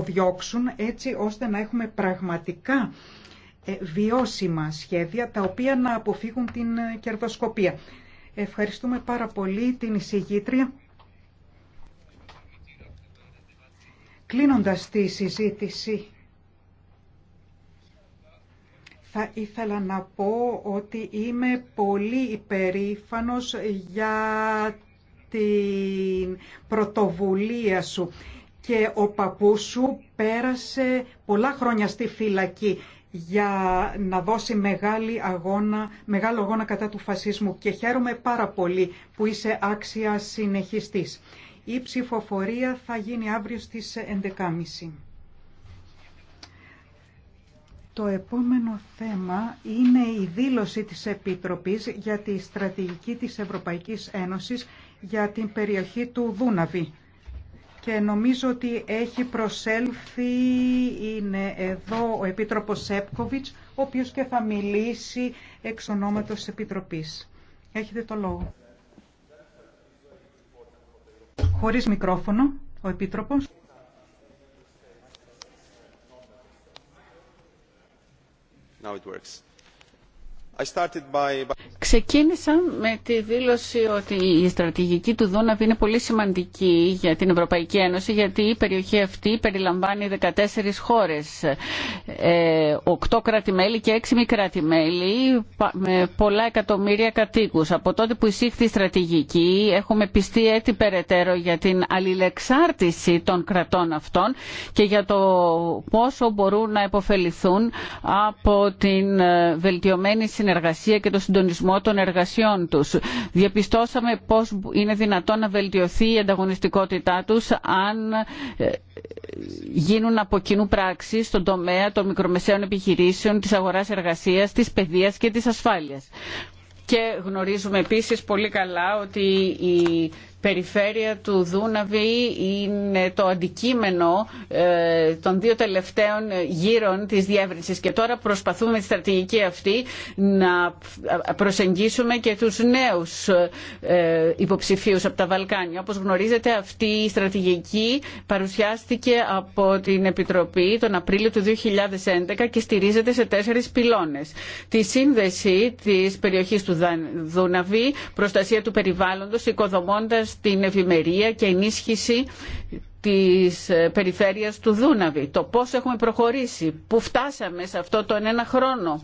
διώξουν έτσι ώστε να έχουμε πραγματικά ε, βιώσιμα σχέδια τα οποία να αποφύγουν την ε, κερδοσκοπία. Ευχαριστούμε πάρα πολύ την εισηγήτρια. Κλείνοντας τη συζήτηση, θα ήθελα να πω ότι είμαι πολύ υπερήφανος για την πρωτοβουλία σου και ο παππούς σου πέρασε πολλά χρόνια στη φυλακή για να δώσει μεγάλη αγώνα, μεγάλο αγώνα κατά του φασισμού και χαίρομαι πάρα πολύ που είσαι άξια συνεχιστής. Η ψηφοφορία θα γίνει αύριο στις 11.30. Το επόμενο θέμα είναι η δήλωση της Επιτροπής για τη στρατηγική της Ευρωπαϊκής Ένωσης για την περιοχή του Δούναβη και νομίζω ότι έχει προσέλθει, είναι εδώ ο Επίτροπος Σέπκοβιτς, ο οποίος και θα μιλήσει εξ ονόματος της Επιτροπής. Έχετε το λόγο. Χωρίς μικρόφωνο, ο Επίτροπος. Now it Ξεκίνησα με τη δήλωση ότι η στρατηγική του Δούναβ είναι πολύ σημαντική για την Ευρωπαϊκή Ένωση γιατί η περιοχή αυτή περιλαμβάνει 14 χώρες, 8 ε, κράτη-μέλη και 6 μη κράτη-μέλη με πολλά εκατομμύρια κατοίκους. Από τότε που εισήχθη η στρατηγική έχουμε πιστεί έτσι περαιτέρω για την αλληλεξάρτηση των κρατών αυτών και για το πόσο μπορούν να υποφεληθούν από την ε, βελτιωμένη συνεργασία συνεργασία και το συντονισμό των εργασιών τους. Διαπιστώσαμε πώς είναι δυνατόν να βελτιωθεί η ανταγωνιστικότητά τους αν ε, γίνουν από κοινού πράξη στον τομέα των μικρομεσαίων επιχειρήσεων, της αγοράς εργασίας, της παιδείας και της ασφάλειας. Και γνωρίζουμε επίσης πολύ καλά ότι η περιφέρεια του Δούναβη είναι το αντικείμενο ε, των δύο τελευταίων γύρων της διεύρυνσης και τώρα προσπαθούμε με τη στρατηγική αυτή να προσεγγίσουμε και τους νέους ε, υποψηφίους από τα Βαλκάνια. Όπως γνωρίζετε αυτή η στρατηγική παρουσιάστηκε από την Επιτροπή τον Απρίλιο του 2011 και στηρίζεται σε τέσσερις πυλώνες. Τη σύνδεση της περιοχής του Δούναβη, προστασία του περιβάλλοντος, οικοδομώντας στην ευημερία και ενίσχυση της περιφέρειας του Δούναβη, το πώς έχουμε προχωρήσει, που φτάσαμε σε αυτό τον ένα χρόνο.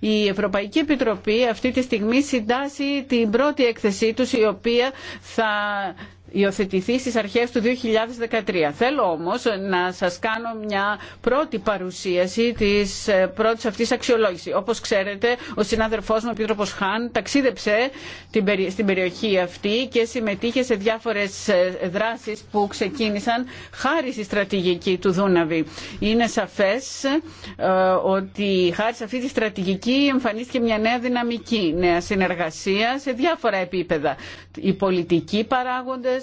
Η Ευρωπαϊκή Επιτροπή αυτή τη στιγμή συντάσσει την πρώτη έκθεσή τους η οποία θα υιοθετηθεί στις αρχές του 2013. Θέλω όμως να σας κάνω μια πρώτη παρουσίαση της ε, πρώτης αυτής αξιολόγησης. Όπως ξέρετε, ο συνάδελφός μου, ο Επίτροπος Χάν, ταξίδεψε στην περιοχή αυτή και συμμετείχε σε διάφορες ε, δράσεις που ξεκίνησαν χάρη στη στρατηγική του Δούναβη. Είναι σαφές ε, ότι χάρη σε αυτή τη στρατηγική εμφανίστηκε μια νέα δυναμική, νέα συνεργασία σε διάφορα επίπεδα. Οι πολιτικοί παράγοντες,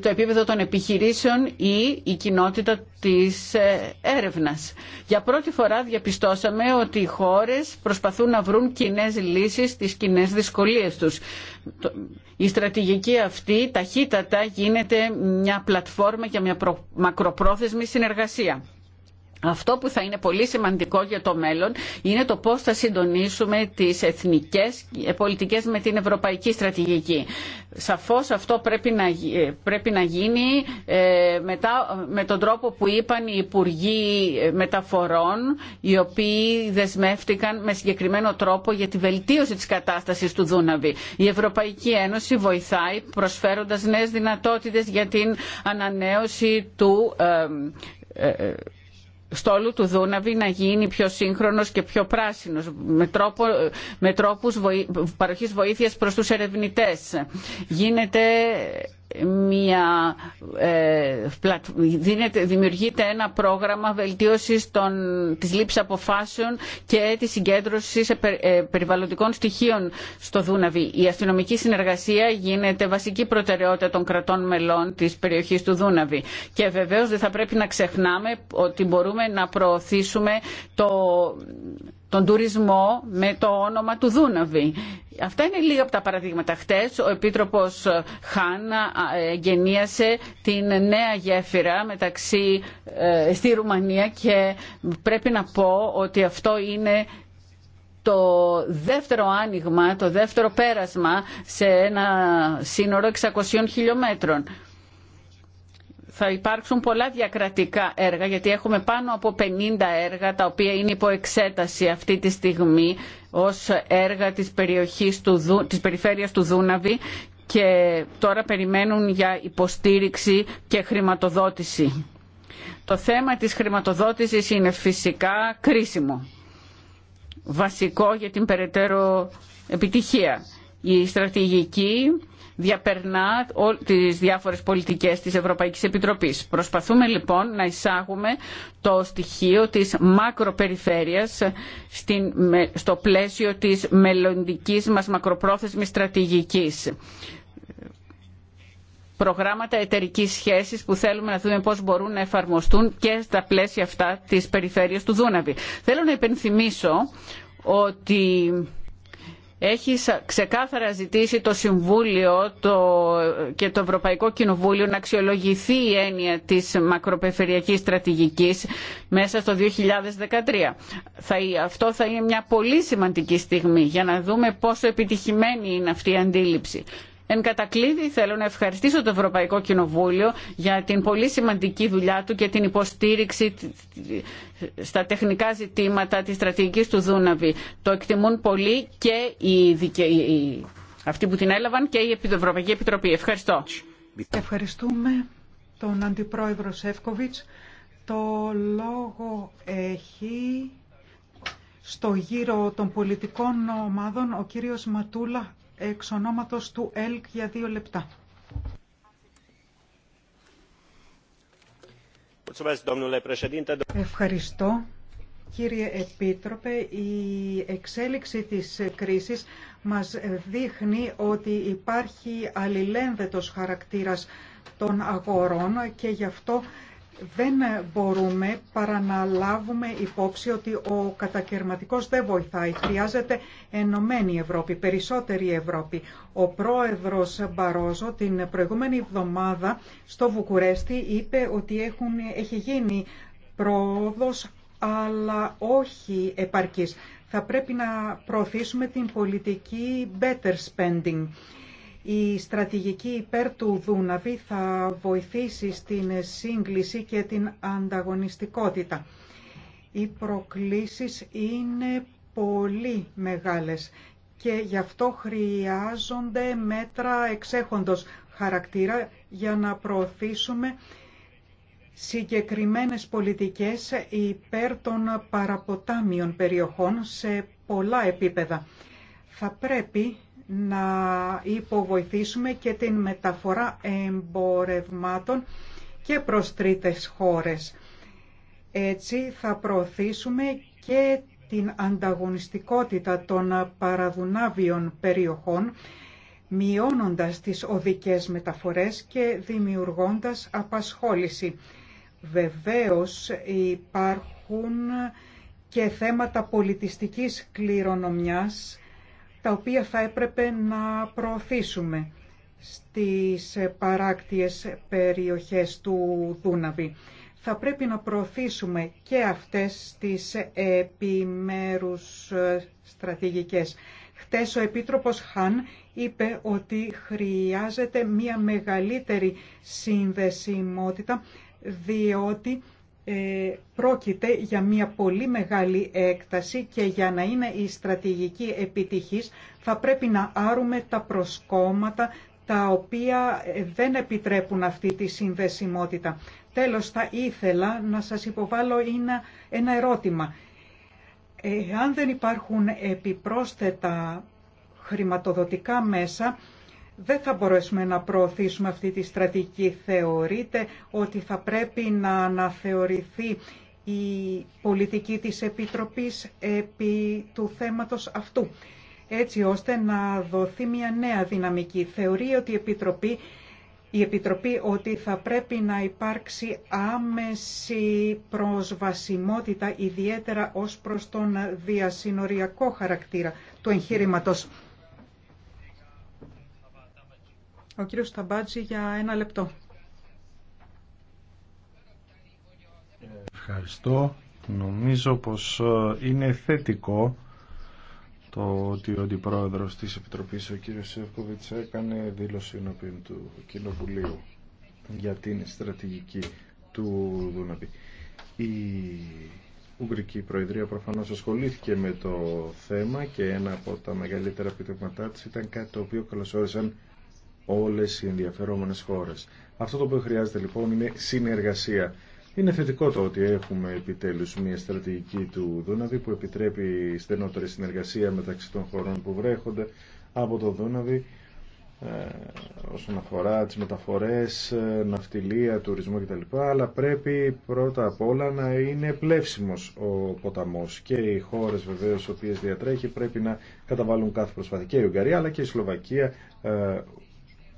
το επίπεδο των επιχειρήσεων ή η κοινότητα της ε, έρευνας. Για πρώτη φορά διαπιστώσαμε ότι οι χώρες προσπαθούν να βρουν κοινέ λύσεις στις κοινέ δυσκολίες τους. Η στρατηγική αυτή ταχύτατα γίνεται μια πλατφόρμα για μια μακροπρόθεσμη συνεργασία. Αυτό που θα είναι πολύ σημαντικό για το μέλλον είναι το πώς θα συντονίσουμε τις εθνικές πολιτικές με την ευρωπαϊκή στρατηγική. Σαφώς αυτό πρέπει να, ε, πρέπει γίνει ε, μετά, με τον τρόπο που είπαν οι Υπουργοί ε, Μεταφορών οι οποίοι δεσμεύτηκαν με συγκεκριμένο τρόπο για τη βελτίωση της κατάστασης του Δούναβη. Η Ευρωπαϊκή Ένωση βοηθάει προσφέροντας νέες δυνατότητες για την ανανέωση του στόλου του Δούναβη να γίνει πιο σύγχρονος και πιο πράσινος με, τρόπο, με τρόπους βοή, παροχής βοήθειας προς τους ερευνητές. Γίνεται μια, ε, δημιουργείται ένα πρόγραμμα βελτίωσης των, της λήψης αποφάσεων και της συγκέντρωσης ε, περιβαλλοντικών στοιχείων στο Δούναβι. Η αστυνομική συνεργασία γίνεται βασική προτεραιότητα των κρατών μελών της περιοχής του Δούναβι. Και βεβαίως δεν θα πρέπει να ξεχνάμε ότι μπορούμε να προωθήσουμε το τον τουρισμό με το όνομα του Δούναβη. Αυτά είναι λίγα από τα παραδείγματα. χθε. ο Επίτροπος Χάν ε, εγγενίασε την νέα γέφυρα μεταξύ ε, στη Ρουμανία και πρέπει να πω ότι αυτό είναι το δεύτερο άνοιγμα, το δεύτερο πέρασμα σε ένα σύνορο 600 χιλιόμετρων θα υπάρξουν πολλά διακρατικά έργα γιατί έχουμε πάνω από 50 έργα τα οποία είναι υπό εξέταση αυτή τη στιγμή ως έργα της, περιοχής του, της περιφέρειας του Δούναβη και τώρα περιμένουν για υποστήριξη και χρηματοδότηση. Το θέμα της χρηματοδότησης είναι φυσικά κρίσιμο, βασικό για την περαιτέρω επιτυχία. Η στρατηγική διαπερνά τις διάφορες πολιτικές της Ευρωπαϊκή Επιτροπής. Προσπαθούμε λοιπόν να εισάγουμε το στοιχείο της μακροπεριφέρειας στο πλαίσιο της μελλοντική μας μακροπρόθεσμης στρατηγικής προγράμματα εταιρική σχέση που θέλουμε να δούμε πώ μπορούν να εφαρμοστούν και στα πλαίσια αυτά τη περιφέρεια του Δούναβη. Θέλω να υπενθυμίσω ότι έχει ξεκάθαρα ζητήσει το Συμβούλιο και το Ευρωπαϊκό Κοινοβούλιο να αξιολογηθεί η έννοια της μακροπεριφερειακής στρατηγικής μέσα στο 2013. Αυτό θα είναι μια πολύ σημαντική στιγμή για να δούμε πόσο επιτυχημένη είναι αυτή η αντίληψη. Εν κατακλείδη θέλω να ευχαριστήσω το Ευρωπαϊκό Κοινοβούλιο για την πολύ σημαντική δουλειά του και την υποστήριξη στα τεχνικά ζητήματα της στρατηγικής του Δούναβη. Το εκτιμούν πολύ και οι, αυτοί που την έλαβαν και η Ευρωπαϊκή Επιτροπή. Ευχαριστώ. Ευχαριστούμε τον Αντιπρόεδρο Σεύκοβιτς. Το λόγο έχει στο γύρο των πολιτικών ομάδων ο κύριος Ματούλα εξ ονόματος του ΕΛΚ για δύο λεπτά. Ευχαριστώ. Κύριε Επίτροπε, η εξέλιξη της κρίσης μας δείχνει ότι υπάρχει αλληλένδετος χαρακτήρας των αγορών και γι' αυτό δεν μπορούμε παρά να λάβουμε υπόψη ότι ο κατακαιρματικός δεν βοηθάει. Χρειάζεται ενωμένη Ευρώπη, περισσότερη Ευρώπη. Ο πρόεδρος Μπαρόζο την προηγούμενη εβδομάδα στο Βουκουρέστι είπε ότι έχουν, έχει γίνει πρόοδος αλλά όχι επαρκής. Θα πρέπει να προωθήσουμε την πολιτική better spending η στρατηγική υπέρ του Δούναβη θα βοηθήσει στην σύγκληση και την ανταγωνιστικότητα. Οι προκλήσεις είναι πολύ μεγάλες και γι' αυτό χρειάζονται μέτρα εξέχοντος χαρακτήρα για να προωθήσουμε συγκεκριμένες πολιτικές υπέρ των παραποτάμιων περιοχών σε πολλά επίπεδα. Θα πρέπει να υποβοηθήσουμε και την μεταφορά εμπορευμάτων και προς τρίτες χώρες. Έτσι θα προωθήσουμε και την ανταγωνιστικότητα των παραδουνάβιων περιοχών, μειώνοντας τις οδικές μεταφορές και δημιουργώντας απασχόληση. Βεβαίως υπάρχουν και θέματα πολιτιστικής κληρονομιάς τα οποία θα έπρεπε να προωθήσουμε στις παράκτιες περιοχές του Δούναβη. Θα πρέπει να προωθήσουμε και αυτές τις επιμέρους στρατηγικές. Χτες ο Επίτροπος Χαν είπε ότι χρειάζεται μία μεγαλύτερη συνδεσιμότητα διότι ε, πρόκειται για μια πολύ μεγάλη έκταση και για να είναι η στρατηγική επιτυχής θα πρέπει να άρουμε τα προσκόμματα τα οποία δεν επιτρέπουν αυτή τη συνδεσιμότητα. Τέλος, θα ήθελα να σας υποβάλω ένα, ένα ερώτημα. Ε, αν δεν υπάρχουν επιπρόσθετα χρηματοδοτικά μέσα, δεν θα μπορέσουμε να προωθήσουμε αυτή τη στρατηγική. Θεωρείται ότι θα πρέπει να αναθεωρηθεί η πολιτική της Επιτροπής επί του θέματος αυτού, έτσι ώστε να δοθεί μια νέα δυναμική. Θεωρεί ότι η Επιτροπή, η Επιτροπή ότι θα πρέπει να υπάρξει άμεση προσβασιμότητα, ιδιαίτερα ως προς τον διασυνοριακό χαρακτήρα του εγχείρηματος. Ο κύριος Σταμπάτζη για ένα λεπτό. Ευχαριστώ. Νομίζω πως ε, είναι θετικό το ότι ο αντιπρόεδρος της Επιτροπής, ο κύριος Σεύκοβιτς, έκανε δήλωση ενώπιον του Κοινοβουλίου για την στρατηγική του Δούναπη. Η Ουγγρική Προεδρία προφανώς ασχολήθηκε με το θέμα και ένα από τα μεγαλύτερα επιτευγματά της ήταν κάτι το οποίο καλωσόρισαν όλες οι ενδιαφερόμενες χώρες. Αυτό το οποίο χρειάζεται λοιπόν είναι συνεργασία. Είναι θετικό το ότι έχουμε επιτέλους μια στρατηγική του Δούναβη που επιτρέπει στενότερη συνεργασία μεταξύ των χωρών που βρέχονται από το Δούναβη ε, όσον αφορά τις μεταφορές, ε, ναυτιλία, τουρισμό κτλ. Αλλά πρέπει πρώτα απ' όλα να είναι πλεύσιμος ο ποταμός και οι χώρες βεβαίως οι οποίες διατρέχει πρέπει να καταβάλουν κάθε προσπάθεια και η Ουγγαρία αλλά και η Σλοβακία, ε,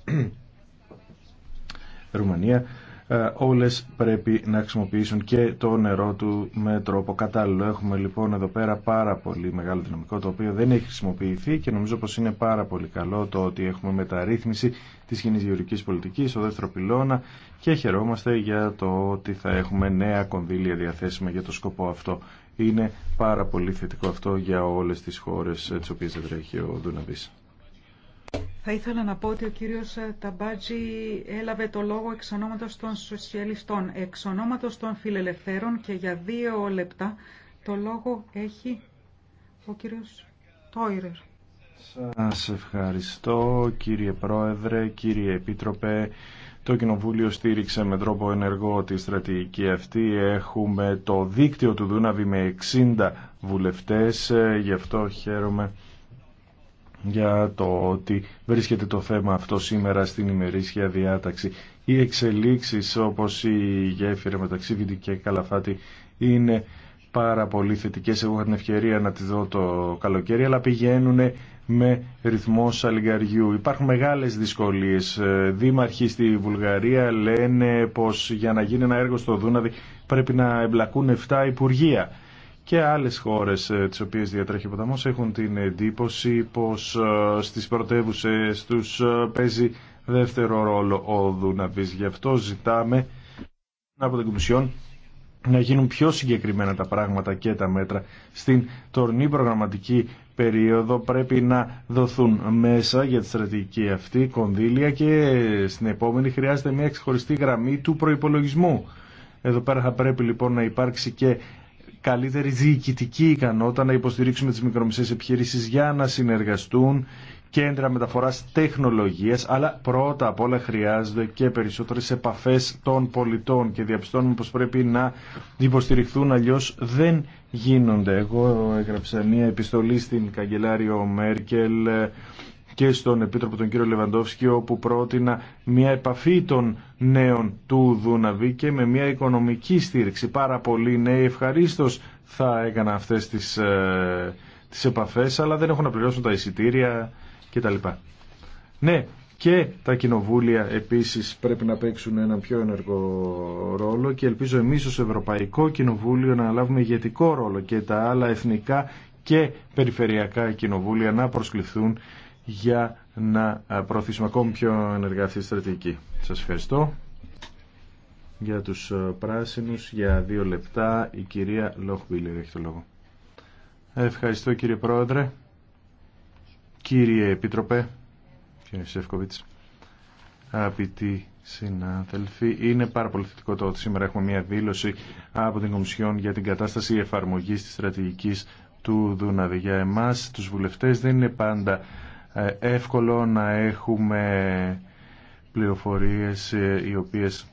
Ρουμανία ε, όλες πρέπει να χρησιμοποιήσουν και το νερό του με τρόπο κατάλληλο. Έχουμε λοιπόν εδώ πέρα πάρα πολύ μεγάλο δυναμικό το οποίο δεν έχει χρησιμοποιηθεί και νομίζω πως είναι πάρα πολύ καλό το ότι έχουμε μεταρρύθμιση της κοινής γεωρικής πολιτικής στο δεύτερο πυλώνα και χαιρόμαστε για το ότι θα έχουμε νέα κονδύλια διαθέσιμα για το σκοπό αυτό. Είναι πάρα πολύ θετικό αυτό για όλες τις χώρες ε, τις οποίες δεν τρέχει ο Δουναβής. Θα ήθελα να πω ότι ο κύριος ε, Ταμπάτζη έλαβε το λόγο εξ ονόματος των σοσιαλιστών, εξ ονόματος των φιλελευθέρων και για δύο λεπτά το λόγο έχει ο κύριος Τόιρερ. Σας ευχαριστώ κύριε Πρόεδρε, κύριε Επίτροπε. Το Κοινοβούλιο στήριξε με τρόπο ενεργό τη στρατηγική αυτή. Έχουμε το δίκτυο του Δούναβη με 60 βουλευτές, ε, γι' αυτό χαίρομαι για το ότι βρίσκεται το θέμα αυτό σήμερα στην ημερήσια διάταξη. Οι εξελίξεις όπως η γέφυρα μεταξύ Βιντι και Καλαφάτη είναι πάρα πολύ θετικές. Εγώ είχα την ευκαιρία να τις δω το καλοκαίρι, αλλά πηγαίνουν με ρυθμό σαλιγκαριού. Υπάρχουν μεγάλες δυσκολίες. Ε, Δήμαρχοι στη Βουλγαρία λένε πως για να γίνει ένα έργο στο Δούναδη πρέπει να εμπλακούν 7 υπουργεία και άλλες χώρες ε, τις οποίες διατρέχει ο ποταμός έχουν την εντύπωση πως ε, στις πρωτεύουσε τους ε, παίζει δεύτερο ρόλο ο Δουναβής. Γι' αυτό ζητάμε από την Κομισιόν να γίνουν πιο συγκεκριμένα τα πράγματα και τα μέτρα. Στην τορνή προγραμματική περίοδο πρέπει να δοθούν μέσα για τη στρατηγική αυτή κονδύλια και στην επόμενη χρειάζεται μια ξεχωριστή γραμμή του προϋπολογισμού. Εδώ πέρα θα πρέπει λοιπόν να υπάρξει και καλύτερη διοικητική ικανότητα να υποστηρίξουμε τις μικρομεσαίες επιχειρήσεις για να συνεργαστούν κέντρα μεταφοράς τεχνολογίας, αλλά πρώτα απ' όλα χρειάζονται και περισσότερες επαφές των πολιτών και διαπιστώνουμε πως πρέπει να υποστηριχθούν, αλλιώς δεν γίνονται. Εγώ έγραψα μια επιστολή στην καγκελάριο Μέρκελ και στον Επίτροπο τον κύριο Λεβαντόφσκι όπου πρότεινα μια επαφή των νέων του Δούναβη και με μια οικονομική στήριξη. Πάρα πολλοί νέοι ευχαρίστω θα έκανα αυτές τις, ε, τις επαφές αλλά δεν έχουν να πληρώσουν τα εισιτήρια κτλ. Ναι, και τα κοινοβούλια επίσης πρέπει να παίξουν έναν πιο ενεργό ρόλο και ελπίζω εμείς ως Ευρωπαϊκό Κοινοβούλιο να λάβουμε ηγετικό ρόλο και τα άλλα εθνικά και περιφερειακά κοινοβούλια να προσκληθούν για να προωθήσουμε ακόμη πιο ενεργά αυτή τη στρατηγική. Σας ευχαριστώ. Για τους ε, πράσινους, για δύο λεπτά, η κυρία Λόχμπίλερ έχει το λόγο. Ευχαριστώ κύριε Πρόεδρε, κύριε Επίτροπε, κύριε Σεύκοβιτς, αγαπητοί συνάδελφοι. Είναι πάρα πολύ θετικό το ότι σήμερα έχουμε μια δήλωση από την Κομισιόν για την κατάσταση εφαρμογής της στρατηγικής του Δούναδη. Για εμάς τους βουλευτές δεν είναι πάντα ε, εύκολο να έχουμε πληροφορίες ε, οι οποίες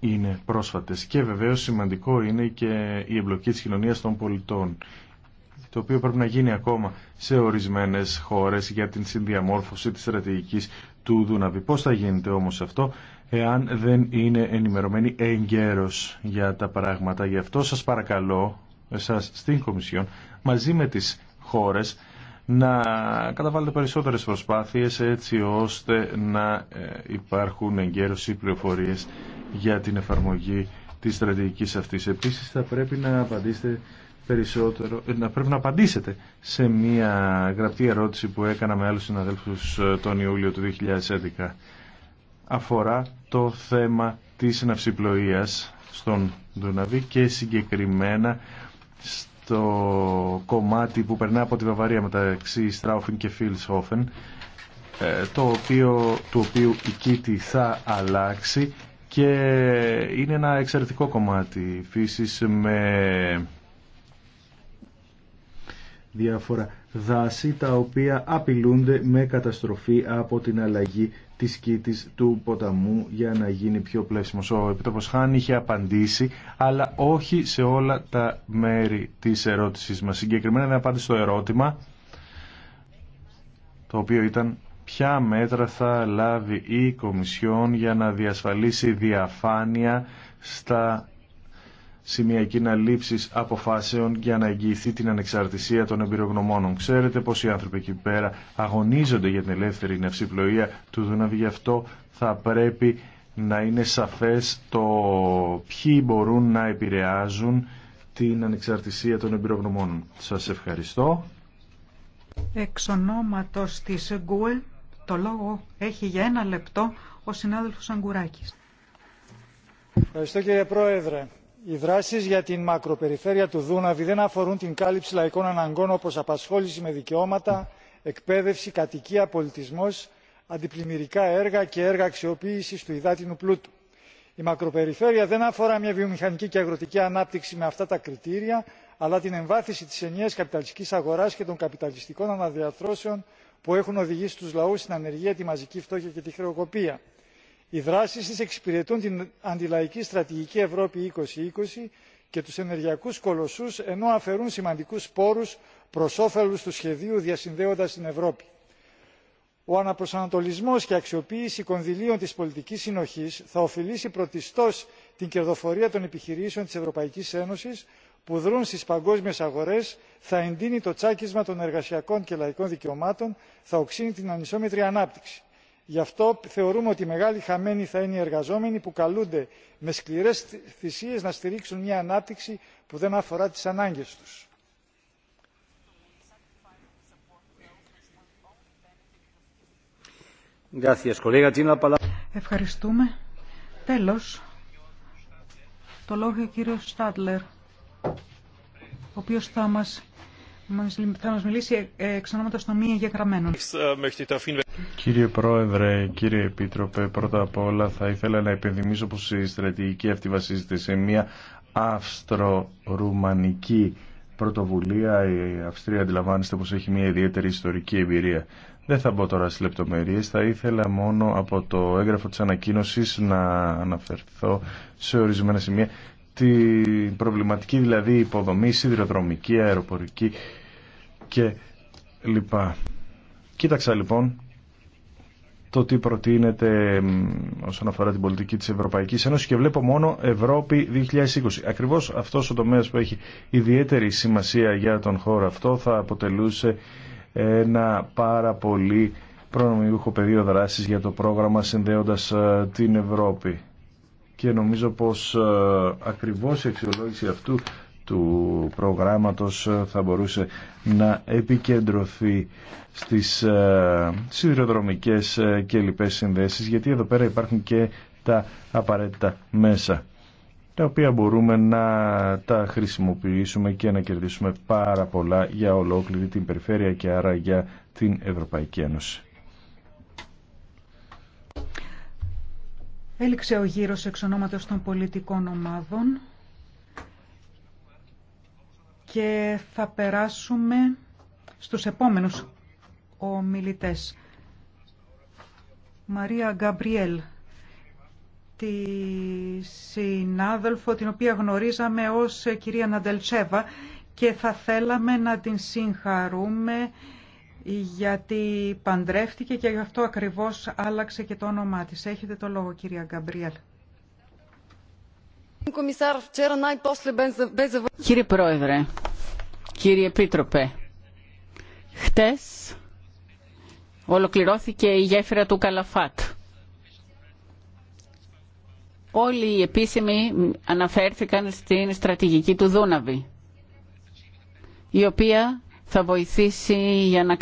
είναι πρόσφατες. Και βεβαίως σημαντικό είναι και η εμπλοκή της κοινωνίας των πολιτών το οποίο πρέπει να γίνει ακόμα σε ορισμένες χώρες για την συνδιαμόρφωση της στρατηγικής του Δούναβη. Πώς θα γίνεται όμως αυτό εάν δεν είναι ενημερωμένοι εγκαίρως για τα πράγματα. Γι' αυτό σας παρακαλώ εσάς στην Κομισιόν μαζί με τις χώρες να καταβάλλετε περισσότερες προσπάθειες έτσι ώστε να ε, υπάρχουν εγκαίρως ή πληροφορίες για την εφαρμογή της στρατηγικής αυτής. Επίσης θα πρέπει να απαντήσετε περισσότερο, ε, να πρέπει να απαντήσετε σε μια γραπτή ερώτηση που έκανα με άλλους συναδέλφους ε, τον Ιούλιο του 2011 αφορά το θέμα της ναυσιπλοείας στον Δουναβή και συγκεκριμένα το κομμάτι που περνά από τη Βαβαρία μεταξύ Στράουφεν και Φίλσχόφεν ε, το οποίο, του οποίου η Κίτη θα αλλάξει και είναι ένα εξαιρετικό κομμάτι φύσης με διάφορα δάση τα οποία απειλούνται με καταστροφή από την αλλαγή της κήτης του ποταμού για να γίνει πιο πλέσιμο. Ο Επιτροπος Χάν είχε απαντήσει, αλλά όχι σε όλα τα μέρη της ερώτησής μας. Συγκεκριμένα δεν απάντησε στο ερώτημα, το οποίο ήταν ποια μέτρα θα λάβει η Κομισιόν για να διασφαλίσει διαφάνεια στα σημεία να λήψη αποφάσεων για να εγγυηθεί την ανεξαρτησία των εμπειρογνωμόνων. Ξέρετε πώ οι άνθρωποι εκεί πέρα αγωνίζονται για την ελεύθερη νευσυπλοεία του Δούναβη, γι' αυτό θα πρέπει να είναι σαφές το ποιοι μπορούν να επηρεάζουν την ανεξαρτησία των εμπειρογνωμόνων. Σας ευχαριστώ. Εξ ονόματος της Google, το λόγο έχει για ένα λεπτό ο συνάδελφος Αγκουράκης. Ευχαριστώ κύριε Πρόεδρε οι δράσει για την μακροπεριφέρεια του δούναβη δεν αφορούν την κάλυψη λαϊκών αναγκών όπω απασχόληση με δικαιώματα εκπαίδευση κατοικία πολιτισμό αντιπλημμυρικά έργα και έργα αξιοποίηση του υδάτινου πλούτου. η μακροπεριφέρεια δεν αφορά μια βιομηχανική και αγροτική ανάπτυξη με αυτά τα κριτήρια αλλά την εμβάθυνση τη ενιαία καπιταλιστική αγορά και των καπιταλιστικών αναδιαρθρώσεων που έχουν οδηγήσει του λαού στην ανεργία τη μαζική φτώχεια και τη χρεοκοπία οι δράσει τη εξυπηρετούν την αντιλαϊκή στρατηγική Ευρώπη 2020 και του ενεργειακού κολοσσού ενώ αφαιρούν σημαντικού πόρου προ όφελο του σχεδίου διασυνδέοντα την Ευρώπη. Ο αναπροσανατολισμός και αξιοποίηση κονδυλίων τη πολιτική συνοχή θα ωφελήσει πρωτιστώ την κερδοφορία των επιχειρήσεων τη Ευρωπαϊκή Ένωση, που δρούν στι παγκόσμιε αγορέ, θα εντείνει το τσάκισμα των εργασιακών και λαϊκών δικαιωμάτων, θα οξύνει την ανισόμετρη ανάπτυξη γι' αυτό θεωρούμε ότι οι μεγάλοι χαμένοι θα είναι οι εργαζόμενοι που καλούνται με σκληρέ θυσίε να στηρίξουν μια ανάπτυξη που δεν αφορά τι ανάγκε του. Ευχαριστούμε. Τέλος, το λόγο ο κύριου Στάτλερ, ο οποίος θα μας θα μας μιλήσει ε, εξ ονόματος των μη εγγεγραμμένων. Ε, κύριε Πρόεδρε, κύριε Επίτροπε, πρώτα απ' όλα θα ήθελα να επενδυμίσω πως η στρατηγική αυτή βασίζεται σε μια αυστρο-ρουμανική πρωτοβουλία. Η Αυστρία αντιλαμβάνεστε πως έχει μια ιδιαίτερη ιστορική εμπειρία. Δεν θα μπω τώρα στις λεπτομέρειες, θα ήθελα μόνο από το έγγραφο της ανακοίνωσης να αναφερθώ σε ορισμένα σημεία την προβληματική δηλαδή υποδομή, σιδηροδρομική, αεροπορική και λοιπά. Κοίταξα λοιπόν το τι προτείνεται όσον αφορά την πολιτική της Ευρωπαϊκής Ένωσης και βλέπω μόνο Ευρώπη 2020. Ακριβώς αυτός ο τομέας που έχει ιδιαίτερη σημασία για τον χώρο αυτό θα αποτελούσε ένα πάρα πολύ προνομιούχο πεδίο δράσης για το πρόγραμμα συνδέοντας ε, την Ευρώπη και νομίζω πως ε, ακριβώς η αξιολόγηση αυτού του προγράμματος ε, θα μπορούσε να επικεντρωθεί στις ε, σιδηροδρομικές και λοιπές συνδέσεις γιατί εδώ πέρα υπάρχουν και τα απαραίτητα μέσα τα οποία μπορούμε να τα χρησιμοποιήσουμε και να κερδίσουμε πάρα πολλά για ολόκληρη την περιφέρεια και άρα για την Ευρωπαϊκή Ένωση. Έληξε ο γύρος εξ ονόματος των πολιτικών ομάδων και θα περάσουμε στους επόμενους ομιλητές. Μαρία Γκαμπριέλ, τη συνάδελφο την οποία γνωρίζαμε ως κυρία Ναντελτσέβα και θα θέλαμε να την συγχαρούμε γιατί παντρεύτηκε και γι' αυτό ακριβώς άλλαξε και το όνομά της. Έχετε το λόγο κυρία Γκαμπριέλ. Κύριε Πρόεδρε, κύριε Επίτροπε, χτες ολοκληρώθηκε η γέφυρα του Καλαφάτ. Όλοι οι επίσημοι αναφέρθηκαν στην στρατηγική του Δούναβη, η οποία θα βοηθήσει για να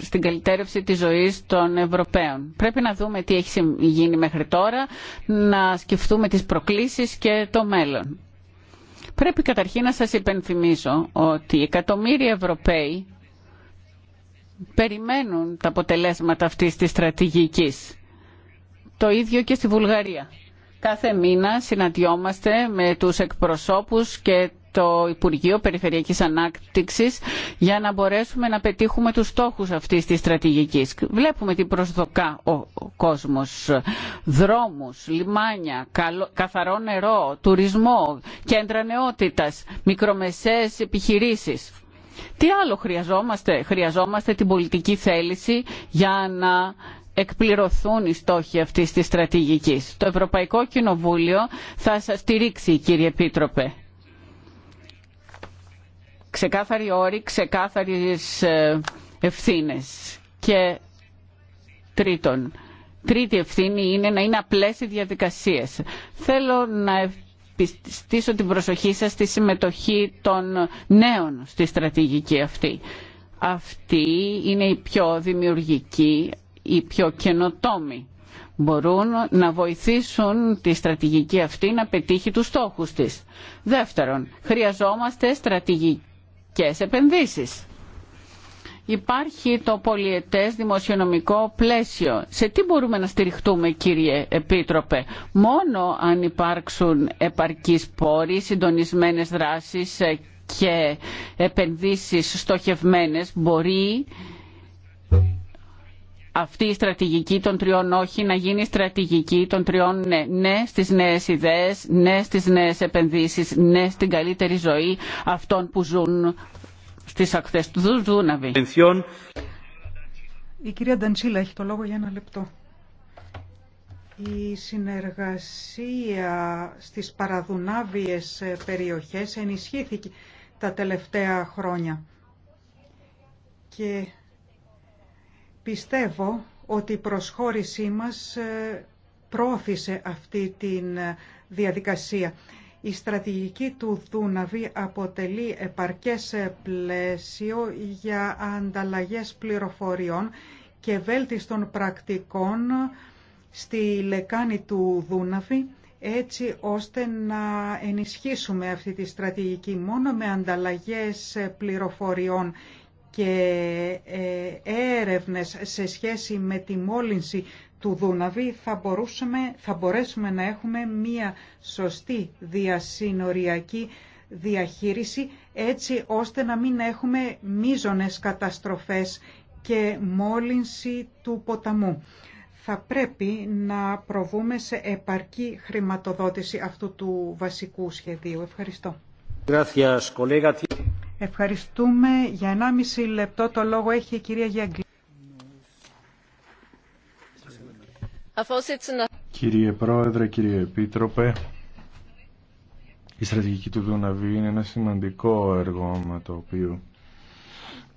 στην καλυτέρευση της ζωής των Ευρωπαίων. Πρέπει να δούμε τι έχει γίνει μέχρι τώρα, να σκεφτούμε τις προκλήσεις και το μέλλον. Πρέπει καταρχήν να σας υπενθυμίσω ότι εκατομμύρια Ευρωπαίοι περιμένουν τα αποτελέσματα αυτής της στρατηγικής. Το ίδιο και στη Βουλγαρία. Κάθε μήνα συναντιόμαστε με τους εκπροσώπους και το Υπουργείο Περιφερειακής Ανάπτυξης για να μπορέσουμε να πετύχουμε τους στόχους αυτής της στρατηγικής. Βλέπουμε την προσδοκά ο κόσμος. Δρόμους, λιμάνια, καθαρό νερό, τουρισμό, κέντρα νεότητας, μικρομεσαίες επιχειρήσεις. Τι άλλο χρειαζόμαστε. Χρειαζόμαστε την πολιτική θέληση για να εκπληρωθούν οι στόχοι αυτής της στρατηγικής. Το Ευρωπαϊκό Κοινοβούλιο θα σας στηρίξει κύριε Επίτροπε ξεκάθαροι όροι, ξεκάθαρες ε, ευθύνες. Και τρίτον, τρίτη ευθύνη είναι να είναι απλές οι διαδικασίες. Θέλω να επιστήσω την προσοχή σας στη συμμετοχή των νέων στη στρατηγική αυτή. Αυτή είναι η πιο δημιουργική, οι πιο καινοτόμη. Μπορούν να βοηθήσουν τη στρατηγική αυτή να πετύχει τους στόχους της. Δεύτερον, χρειαζόμαστε στρατηγική σε επενδύσεις. Υπάρχει το πολιετές δημοσιονομικό πλαίσιο. Σε τι μπορούμε να στηριχτούμε κύριε Επίτροπε. Μόνο αν υπάρξουν επαρκείς πόροι, συντονισμένες δράσεις ε, και επενδύσεις στοχευμένες μπορεί αυτή η στρατηγική των τριών όχι να γίνει στρατηγική των τριών ναι. Ναι στις νέες ιδέες, ναι στις νέες επενδύσεις, ναι στην καλύτερη ζωή αυτών που ζουν στις ακτές του Δούναβη. Η κυρία Ντανσίλα έχει το λόγο για ένα λεπτό. Η συνεργασία στις παραδουνάβιες περιοχές ενισχύθηκε τα τελευταία χρόνια και Πιστεύω ότι η προσχώρησή μας ε, πρόωθησε αυτή τη ε, διαδικασία. Η στρατηγική του Δούναβη αποτελεί επαρκές ε, πλαίσιο για ανταλλαγές πληροφοριών και βέλτιστων πρακτικών στη λεκάνη του Δούναβη έτσι ώστε να ενισχύσουμε αυτή τη στρατηγική μόνο με ανταλλαγές πληροφοριών και ε, έρευνες σε σχέση με τη μόλυνση του Δούναβη θα, μπορούσαμε, θα μπορέσουμε να έχουμε μία σωστή διασυνοριακή διαχείριση έτσι ώστε να μην έχουμε μίζονες καταστροφές και μόλυνση του ποταμού. Θα πρέπει να προβούμε σε επαρκή χρηματοδότηση αυτού του βασικού σχεδίου. Ευχαριστώ. Gracias, Ευχαριστούμε. Για 1,5 λεπτό το λόγο έχει η κυρία Γιάνγκλη. Κύριε Πρόεδρε, κύριε Επίτροπε, η στρατηγική του Δουναβή είναι ένα σημαντικό έργο με το οποίο